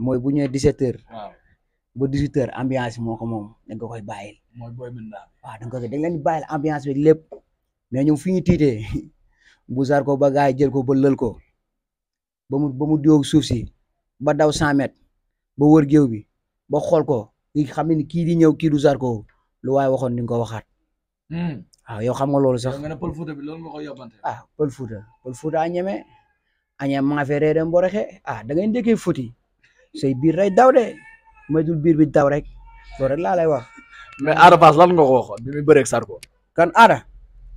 mooy bu ñëwee 17h. waaw ba 18 ambiance bi moo ko moom dañ ko koy bàyyil. mooy booy Medina. waaw da ambiance bi lépp. mais ñoom fi ñu tiitee bu sar ko ba gaay jël ko ba lël ko ba mu ba mu diwoog suuf si ba daw samet ba wër géew bi ba xool ko li xam ne kii di ñëw kii du ko lu waaye waxoon di nga ko waxaat. Hmm. waaw yow xam nga loolu sax. nga ne pël Fuuta bi loolu moo koy yóbbante. ah pël Fuuta pël Fuuta a ñeme a ñeme maa fee ree dem boroxe ah fuuti say biir day daw de ma dul biir bi daw rek loolu rek laa lay wax. mais Ada Fass lan nga ko waxoon bi muy sar ko kan Ada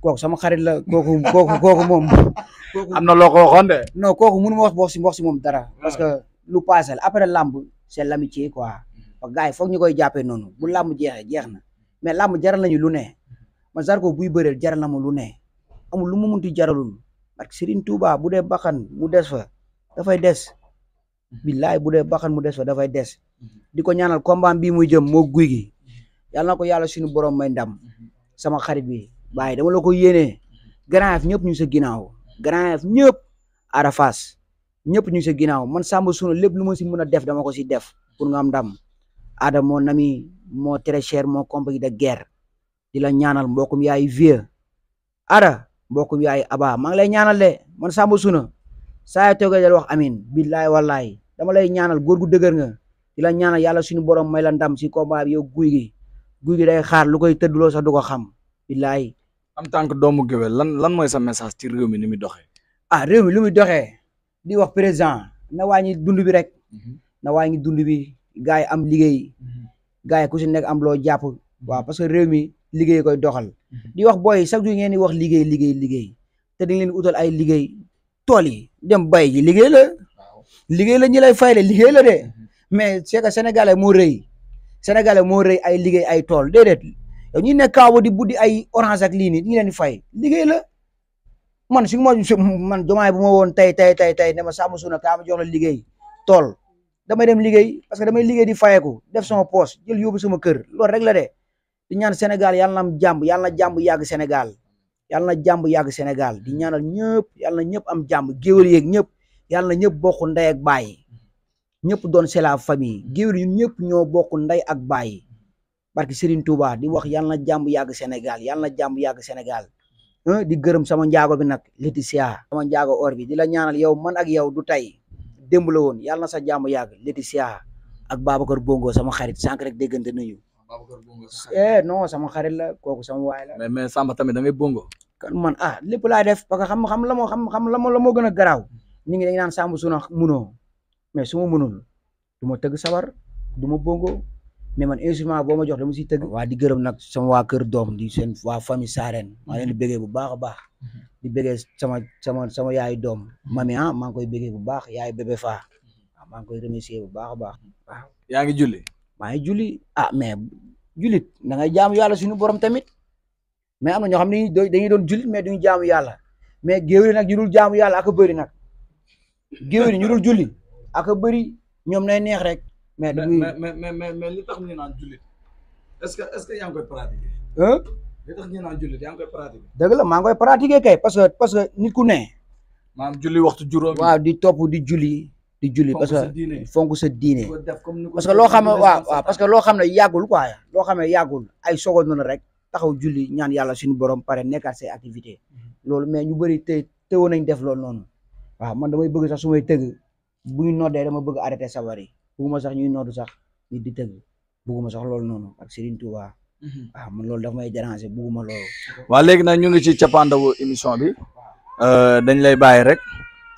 kooku sama xarit la kooku kooku kooku moom. am na loo ko waxoon de. kooku mënu wax wax si wax si moom dara. Ah. parce que lu passé la après làmb la mi quoi. Mm-hmm. parce que gars yi foog ñu koy jàppee noonu mu làmb jeexee jeex na mais làmb jaral nañu lu ne mm-hmm. man Zarko buy bëreel jaral na ma lu ne amul lu mu munti jaralul parce que Serigne Touba bu dee bakkan mu des fa dafay des. Mm-hmm. billaay bu dee bakkan mu des fa dafay des. di ko ñaanal combat bii muy jëm moo guy gi. yàlla na ko yàlla suñu borom may ndam sama xarit bi. bàyyi dama la ko yéenee Grand Yoff ñëpp ñu ngi ginnaaw Grand Yoff ñëpp Arafas ñëpp ñu ngi ginnaaw man Samba Suuna lépp lu ma si mën a def dama ko si def pour nga am ndam Adam moo nami moo très cher moo compagnie de ger di la ñaanal mbokkum yaay vieux Ada mbokkum yaay Aba maa ngi lay ñaanal de man Samba Suuna saa yoo toogee dal wax amin billaay wallaay dama lay ñaanal góor gu dëgër nga di la ñaanal yàlla suñu borom may la ndam si combat bi yow guy gi guy gi day xaar lu koy tëddloo sax du ko xam en tant que doomu géwél lan lan mooy sa message ci réew mi ni muy doxee. ah réew muy doxee di wax président na wàññi dund bi rek mhm. na wàññi dund bi gars yi am liggéey mhm. gars yi ku si nekk am loo jàpp mhm. waaw parce que réew mi liggéey koy doxal. di wax booy chaque jour ngeen di wax liggéey liggéey liggéey te dañ leen utal ay liggéey tool yi dem bay ji liggéey la. liggéey la ñi lay fay la la de mais c'est que sénégalais moo rëy sénégalais moo rëy ay liggéey ay tool déedéet. yow ñi nekk kaawa di buddi ay orange ak lii nii ñu leen di fay liggéey la man su ma man jomaay bu ma woon tey tey tey tey ne ma sàmm suuna kaa ma jox la liggéey tool damay dem liggéey parce que damay liggéey di fayeku def sama poche jël yóbbu sama kër loolu rek la de di ñaan Sénégal yàlla na am jàmm yàlla na jàmm yàgg Sénégal yàlla jàmm yàgg Sénégal di ñaanal ñëpp yàlla na ñëpp am jàmm géwél yeeg ñëpp yàlla na ñëpp bokk ndey ak baay ñëpp doon c'est la famille géwél ñun ñëpp ñoo bokk ndey ak baay barki Serigne Touba di wax yàlla na jàmm yàgg Sénégal yàlla na jàmm di gërëm sama njaago bi nag Laetitia sama njaago or bi di la ñaanal yow man ak yow du tey démb la woon yàlla sa jàmm yàgg Laetitia ak baba Babacar Bongo sama xarit sànq rek déggante nañu. Babacar eh non sama xarit la kooku sama waay la. mais Samba tamit da ngay Bongo. kan man ah lépp laay def parce que xam la moo xam xam la moo gën a garaaw nit ñi dañu naan Samba suna munoo mais su ma munul du sabar du Bongo. mais man instrument boo ma jox dama si tëgg waa di gërëm nag sama waa kër doom di seen waa famille Sarène mm-hmm. maa leen di bëggee bu baax a baax mm-hmm. di bëggee sama sama sama yaay doom mm-hmm. mami ah maa ngi koy bëggee bu baax yaay bébé faa maa ngi koy remercier bu baax a baax waaw yaa ngi julli maa ngi julli ah mais jullit da ngay jaamu yàlla suñu borom tamit mais am na ñoo xam ne dañuy doon jullit mais duñu jaamu yàlla mais géwél nag ñu dul jaamu yàlla ak a bëri nag géwél ñu dul ak a bëri ñoom nay neex rek mais mais mais mais li tax ñu naan jullit est que est-ce que yaa ngi koy pratiquer. li tax ñu naan maa ngi pratiquer kay parce que parce que nit ku ne. maanaam julli waxtu juróomi. waaw di topp di julli. di juli parce que fonk sa diine parce que loo xam ne waaw parce que loo xam ne yàggul ko loo xam ne yàggul ay sogo noonu rek taxaw julli ñaan yàlla suñu borom pare nekkaat say activité mhm. loolu mais ñu bëri te teewoon nañ def loolu noonu waaw man damay bëgg sax su ma tëgg bu ñu noddee dama bëgg arrêté sabar yi bugguma sax ñuy nootu sax nit di tëgg bugguma sax loolu noonu ak Serigne Touba. waaw mhm. ah, man loolu dafa may déranger bugguma loolu. waa léegi nag ñu ngi ci cappaandawu émission bi euh, dañ lay bàyyi rek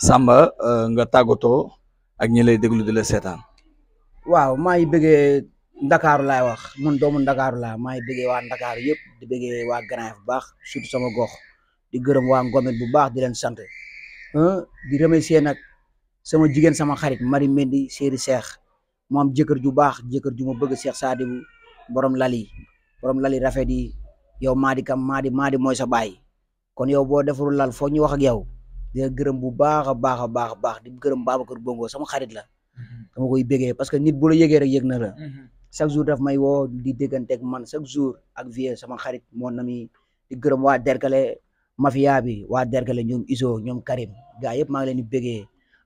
Samba euh, nga tàggatoo ak ñi lay déglu di la seetaan. waaw maa ngi bëggee Ndakaaru laay wax man doomu Ndakaaru laa maa ngi bëggee waa Ndakaaru yëpp di bëggee waa Grand bu baax surtout sama gox di gërëm waa Ngomet bu baax di leen sant di remercier nag sama jigéen sama xarit Marie Mendy Séri Cheikh mu am jëkkër ju baax jëkkër ju ma bëgg Cheikh Sadibou borom lali borom lali rafet yi yow maadi kam maadi maadi mooy sa baay kon yow boo defarul lal foo ñu wax ak yow gërëm bu baax a baax a baax a baax di gërëm Babacar Bongo sama xarit la mhm. dama koy bégee parce que nit bu la yëgee rek yëg na la mhm. chaque jour daf may woo di dégganteeg man chaque jour ak vie sama xarit moo na mi di gërëm waa Derkale mafia bi waa Derkale ñoom Iso ñoom Karim gaa yëpp maa ngi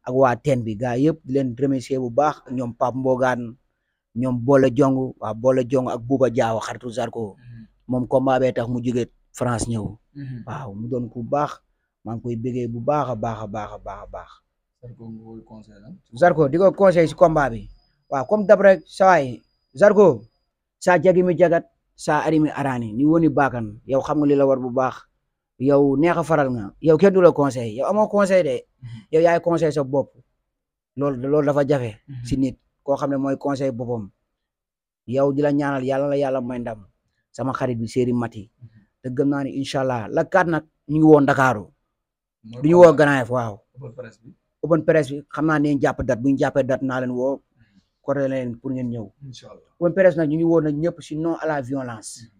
ak waa teen bi gaa yëpp di leen bu baax ak ñoom Pape Mbogane ñoom Bola Jong waa Bola Jong ak Bouba Diaw xaritu Zarko mm-hmm. moom combat bee tax mu jóge France ñëw. Mm-hmm. waaw mu doon ku baax maa ngi koy bégee bu baax a baax a baax a baax a baax. Zarko di ko conseil si combat bi waaw comme dab rek saa yi Zarko saa jagi mi jagat saa ari araani ni woni baakan yow xam nga li bu baax. yow neex a faral nga yow kenn du la conseil yow amoo conseil de mhm. yow yaay conseil sa bopp loolu loolu dafa jafe mhm. si nit koo xam ne mooy conseil boppam yow di la ñaanal yàlla la yàlla may ndam sama xarit bi Serigne Mati mhm. te gëm naa ne incha allah la kat nag ñu ngi woon Ndakaaru du ñu woo Grand Yoff waaw open press bi naa ne ñu jàpp date bu ñu jàppee date woo côté leen pour ngeen ñëw open nag ñu ngi woon si non à la violence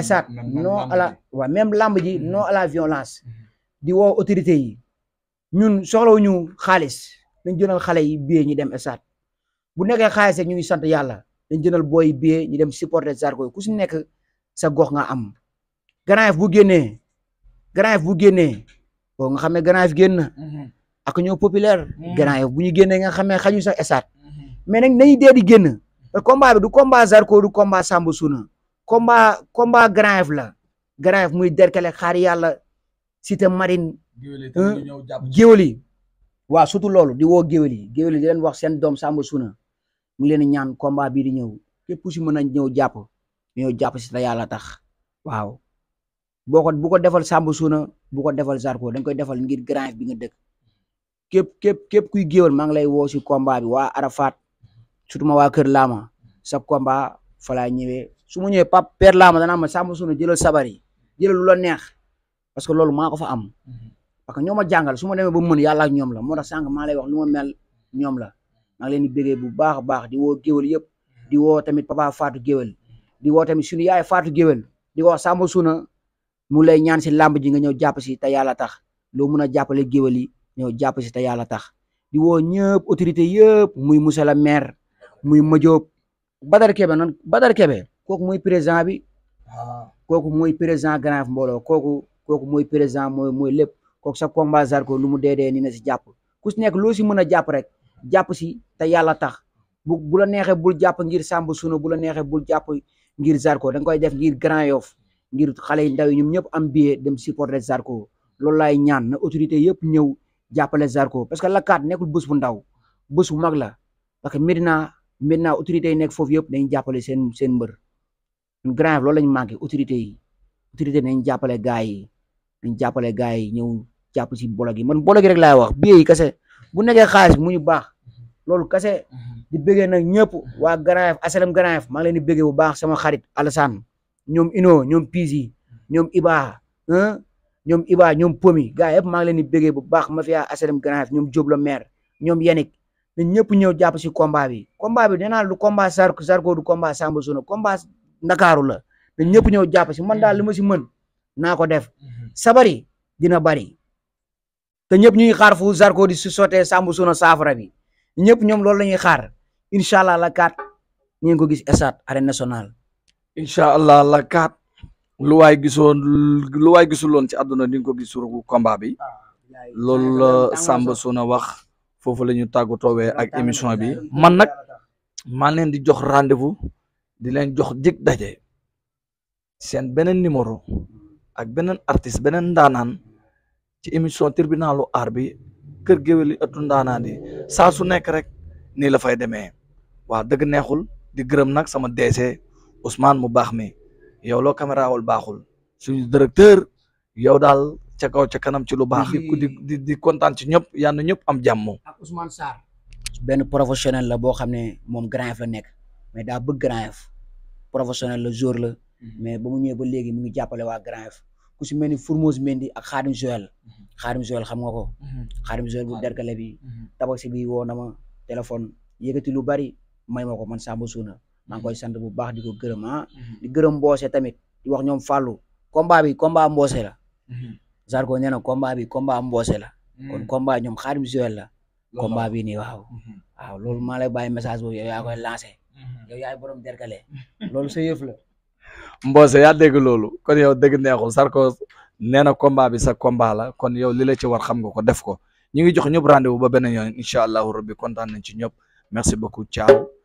esaat non à la waaw même làmb ji mm-hmm. non à la violence mm-hmm. di woo autorité yi ñun soxlawuñu xaalis dañ jënal xale yi biyee ñu dem esaat bu nekkee xaalis rek ñu ngi sant yàlla dañ jënal booy biyee ñu dem supporter Zarko yi ku si nekk sa gox nga am Grand Yoff bu génnee Grand Yoff bu génnee boo nga xam ne Grand Yoff génn mm-hmm. ak ñoo populaire Grand Yoff bu ñu génnee nga xam ne xañu sax esaat mais nag nañu dee di génn du combat Zarko du combat Samba Suna komba combat grave la grave muy derkale xaar yàlla cité marine. géwél waa sutu surtout loolu di woo géwél yi géwél yi di leen wax seen doom Samba suuna mu ngi leen ñaan combat bii di ñëw képp ku si mën a ñëw jàpp ñëw jàpp si la yàlla tax waaw boo ko ko defal Samba suuna bu ko defal Zarko dañ koy defal ngir grave bi nga dëkk képp képp képp kuy géwél maa lay woo si combat bi waa Arafat surtout ma waa Kër Laama sa combat fa laa su ma ñëwee pap père laa ma danaa ma sàmm suuna jëlal sabar yi lu la neex parce que loolu maa ko fa am mhm. parce que ñoo ma jàngal su ma demee ba mën yàlla ak ñoom la moo tax sànq maa lay wax lu ma mel ñoom la maa ngi leen di bu baax a baax di woo géwél yëpp mhm. di woo tamit papa Fatou géwél mhm. di woo tamit suñu yaay Fatou géwél di ko wax sàmm suuna mu lay ñaan si làmb ji nga ñëw jàpp si te yàlla tax loo mun a jàppale géwél yi ñëw jàpp si te yàlla tax di woo ñëpp autorité yëpp muy monsieur le maire muy Madiop Badara Kébé noonu kooku mooy président bi. Ah. kooku mooy président Grand Yoff mbooloo kooku kooku mooy président mooy mooy lépp kooku sa combat Zarko lu mu dee dee ni na si jàpp ku si nekk loo si mën a jàpp rek jàpp si te yàlla tax bu bu la neexee bul jàpp ngir Samba Suuna bu la neexee bul jàpp ngir Zarko da nga koy def ngir Grand Yoff ngir xale yi ndaw yi ñoom ñëpp am billet dem supporter Zarko loolu laay ñaan na autorité yëpp ñëw jàppale Zarko parce que lakkaat nekkul bés bu ndaw bés bu mag la parce que Medina Medina autorité yi nekk foofu yëpp dañuy jàppale seen seen mbër. ñun grave loolu lañ manqué autorité yi autorité nañ jàppale gars yi nañ jàppale gars yi ñëw jàpp si bolog yi man bolog yi rek laay wax biee yi kase bu nekkee xaalis mu ñu loolu kase di nag ñëpp waa grave asalam grave maa leen di bu baax sama xarit Alassane ñoom Ino ñoom Pisi ñoom Iba ñoom Iba ñoom Pomi gars yëpp maa ngi leen di bëggee bu baax mafia asalam grave ñoom Diop la maire ñoom Yannick ñun si combat bi combat bi nee naa du combat Sarko Sarko Samba Sono ndakaaru la te ñëpp ñëw jàpp si man daal li ma si mën naa ko def mhm. sabari dina bari te ñëpp ñuy xaar fu Zarko di si sottee Samb suuna saafara bi ñëpp ñoom loolu la ñuy xaar incha allah la kaat ñu ngi ko gis esat arène nationale. incha allah la kaat lu waay gisoon lu waay gisuloon ci àdduna di nga ko gis surugu bi ah, loolu la Samb suuna wax foofu la ñu tàggatoowee ak émission bi man nag maa leen di jox rendez-vous. di leen jox dig daje seen beneen numéro ak beneen artiste beneen ndaanaan ci émission tribunalu aar bi kër géwél yi ëttu ndaanaan yi saa su nekk rek nii la fay demee waa dëgg neexul di gërëm nag sama DC Ousmane mu baax mi yow loo caméra wal baaxul su directeur yow daal ca kaw ca kanam ci lu baax. di di di kontaan ci ñëpp yal ñëpp am jàmm. ak Ousmane benn professionnel la boo xam ne moom grand la nekk. mais daa bëgg Grand Yoff professionnel la joueur la mhm. mais ba mu ñëwee ba léegi mu ngi jàppale waa Grand Yoff ku si mel ni Formose Mendy ak Xaadim Joel Xaadim mhm. Joel xam nga ko Xaadim mhm. Joel bu derkale bi tabaxi bi woo ma téléphone yëkkati lu bari may ma ko man Samba Suuna maa ngi koy bu baax di ko gërëm ah di gërëm Mboose tamit di wax ñoom Fallou combat bi combat Mboose la Zarko nee na bi combat Mboose la kon combat ñoom Xaadim Joel la bi nii waaw waaw loolu maa yow yaay borom dergale loolu sa yëf la. Mbose yaa dégg loolu kon yow dégg neexul Sarko nee na combat bi sa la kon yow li la ci war xam nga ko def ko ñu ngi jox ñëpp rendez wu ba beneen yoon incha allahu rabbi kontaan nañ ci ñëpp merci beaucoup ciao.